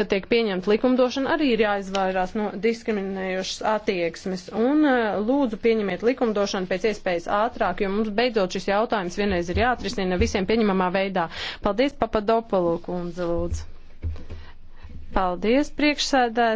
kad tiek pieņemta likumdošana, arī ir jāizvairās no diskriminējošas attieksmes. Un e, lūdzu pieņemiet likumdošanu pēc iespējas ātrāk, jo mums beidzot šis jautājums vienreiz ir jāatrisina visiem pieņemamā veidā. Paldies, Papadopolu kundze, lūdzu. Paldies, priekšsēdē.